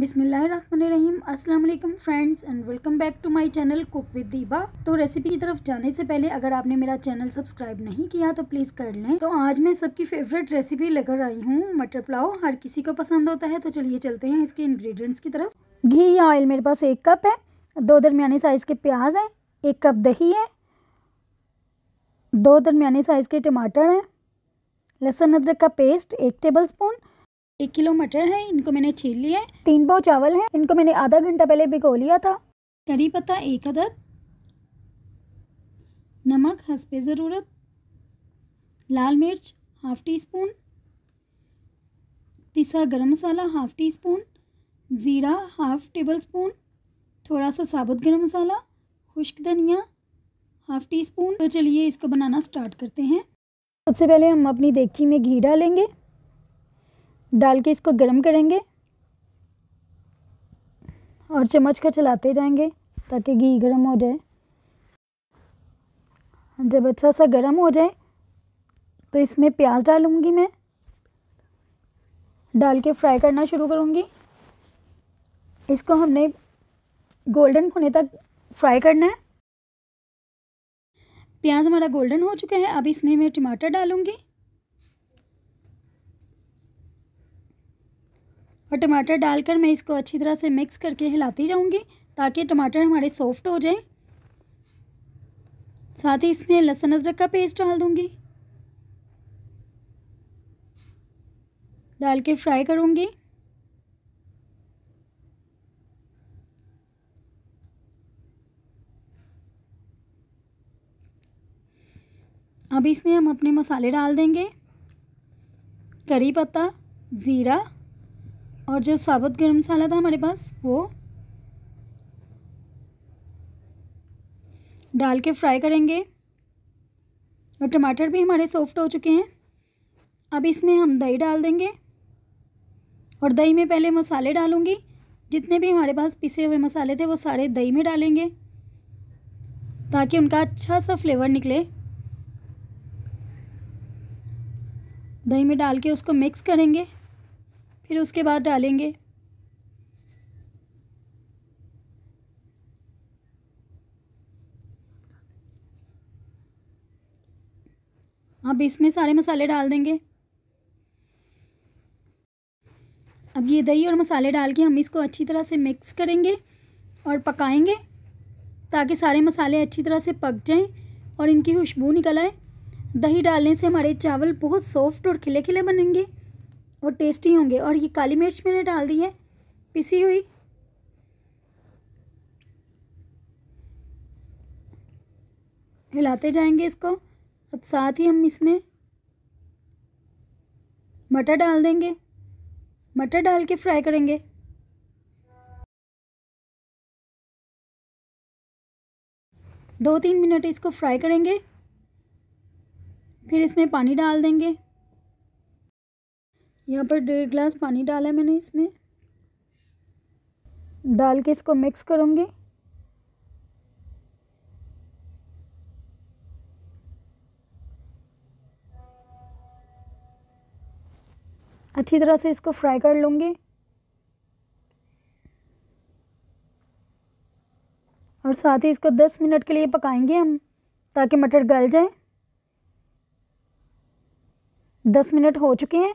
बिसमीम अल्लाम friends and welcome back to my channel cook with Deeba तो रेसिपी की तरफ जाने से पहले अगर आपने मेरा चैनल सब्सक्राइब नहीं किया तो प्लीज़ कर लें तो आज मैं सबकी फेवरेट रेसिपी लेकर आई हूँ मटर पुलाव हर किसी को पसंद होता है तो चलिए चलते हैं इसके इंग्रेडिएंट्स की तरफ घी या ऑयल मेरे पास एक कप है दो दरमिया साइज़ के प्याज हैं एक कप दही है दो दरमिया साइज़ के टमाटर हैं लहसुन अदरक का पेस्ट एक टेबल स्पून एक किलो मटर है इनको मैंने छील लिया है तीन पाव चावल है इनको मैंने आधा घंटा पहले भिगो लिया था करी पत्ता एक अदद नमक हंसपे ज़रूरत लाल मिर्च हाफ़ टी स्पून पिसा garam masala half teaspoon ज़ीरा हाफ़ टेबल स्पून थोड़ा सा साबुत गरम मसाला खुश्क धनिया हाफ़ टी स्पून तो चलिए इसको बनाना स्टार्ट करते हैं सबसे पहले हम अपनी देखी में घी डालेंगे डाल के इसको गर्म करेंगे और चम्मच का चलाते जाएंगे ताकि घी गर्म हो जाए जब अच्छा सा गर्म हो जाए तो इसमें प्याज डालूंगी मैं डाल के फ्राई करना शुरू करूँगी इसको हमने गोल्डन होने तक फ्राई करना है प्याज हमारा गोल्डन हो चुका है अब इसमें मैं टमाटर डालूँगी और टमाटर डालकर मैं इसको अच्छी तरह से मिक्स करके हिलाती जाऊँगी ताकि टमाटर हमारे सॉफ्ट हो जाए साथ ही इसमें लहसुन अदरक का पेस्ट डाल दूँगी डाल के फ्राई करूँगी अब इसमें हम अपने मसाले डाल देंगे करी पत्ता ज़ीरा और जो साबुत गर्म मसाला था हमारे पास वो डाल के फ्राई करेंगे और टमाटर भी हमारे सॉफ्ट हो चुके हैं अब इसमें हम दही डाल देंगे और दही में पहले मसाले डालूंगी जितने भी हमारे पास पिसे हुए मसाले थे वो सारे दही में डालेंगे ताकि उनका अच्छा सा फ्लेवर निकले दही में डाल के उसको मिक्स करेंगे फिर उसके बाद डालेंगे अब इसमें सारे मसाले डाल देंगे अब ये दही और मसाले डाल के हम इसको अच्छी तरह से मिक्स करेंगे और पकाएंगे ताकि सारे मसाले अच्छी तरह से पक जाएं और इनकी खुशबू निकल आए दही डालने से हमारे चावल बहुत सॉफ्ट और खिले खिले बनेंगे और टेस्टी होंगे और ये काली मिर्च मैंने डाल दी है पिसी हुई हिलाते जाएंगे इसको अब साथ ही हम इसमें मटर डाल देंगे मटर डाल के फ्राई करेंगे दो तीन मिनट इसको फ्राई करेंगे फिर इसमें पानी डाल देंगे यहाँ पर डेढ़ ग्लास पानी डाला है मैंने इसमें डाल के इसको मिक्स करूँगी अच्छी तरह से इसको फ्राई कर लूँगी और साथ ही इसको दस मिनट के लिए पकाएंगे हम ताकि मटर गल जाए दस मिनट हो चुके हैं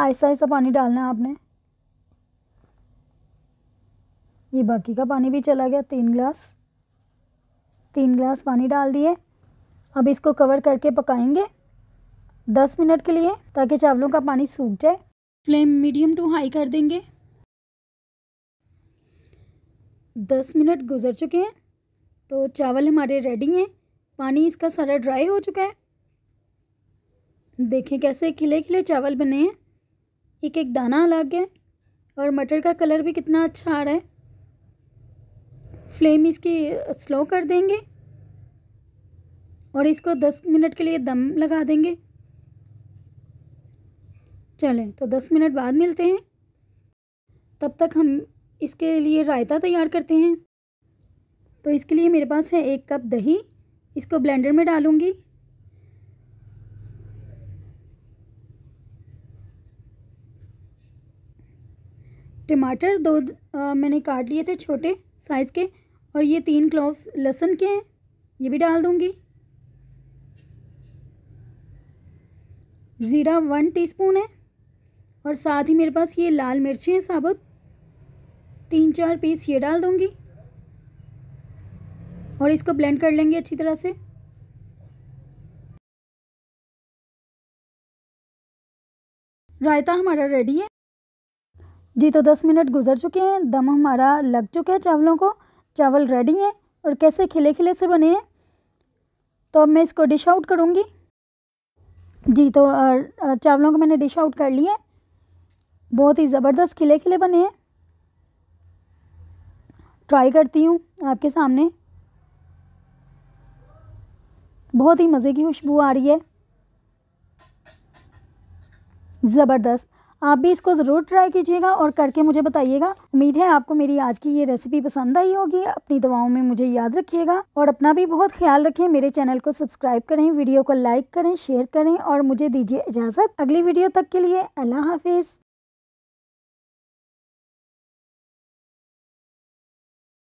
आहिस्ता आहिस्ता पानी डालना है आपने ये बाकी का पानी भी चला गया तीन ग्लास तीन ग्लास पानी डाल दिए अब इसको कवर करके पकाएंगे दस मिनट के लिए ताकि चावलों का पानी सूख जाए फ्लेम मीडियम टू हाई कर देंगे दस मिनट गुजर चुके हैं तो चावल हमारे रेडी हैं पानी इसका सारा ड्राई हो चुका है देखें कैसे खिले खिले चावल बने हैं एक एक दाना अलग है और मटर का कलर भी कितना अच्छा आ रहा है फ्लेम इसकी स्लो कर देंगे और इसको दस मिनट के लिए दम लगा देंगे चलें तो दस मिनट बाद मिलते हैं तब तक हम इसके लिए रायता तैयार करते हैं तो इसके लिए मेरे पास है एक कप दही इसको ब्लेंडर में डालूंगी टमाटर दो आ, मैंने काट लिए थे छोटे साइज़ के और ये तीन क्लोव्स लहसुन के हैं ये भी डाल दूँगी ज़ीरा वन टीस्पून है और साथ ही मेरे पास ये लाल मिर्ची हैं साबुत तीन चार पीस ये डाल दूँगी और इसको ब्लेंड कर लेंगे अच्छी तरह से रायता हमारा रेडी है जी तो दस मिनट गुजर चुके हैं दम हमारा लग चुका है चावलों को चावल रेडी हैं और कैसे खिले खिले से बने हैं तो अब मैं इसको डिश आउट करूँगी जी तो चावलों को मैंने डिश आउट कर लिया है बहुत ही ज़बरदस्त खिले खिले बने हैं ट्राई करती हूँ आपके सामने बहुत ही मज़े की खुशबू आ रही है ज़बरदस्त आप भी इसको ज़रूर ट्राई कीजिएगा और करके मुझे बताइएगा उम्मीद है आपको मेरी आज की ये रेसिपी पसंद आई होगी अपनी दवाओं में मुझे याद रखिएगा और अपना भी बहुत ख्याल रखें मेरे चैनल को सब्सक्राइब करें वीडियो को लाइक करें शेयर करें और मुझे दीजिए इजाज़त अगली वीडियो तक के लिए अल्लाह हाफिज़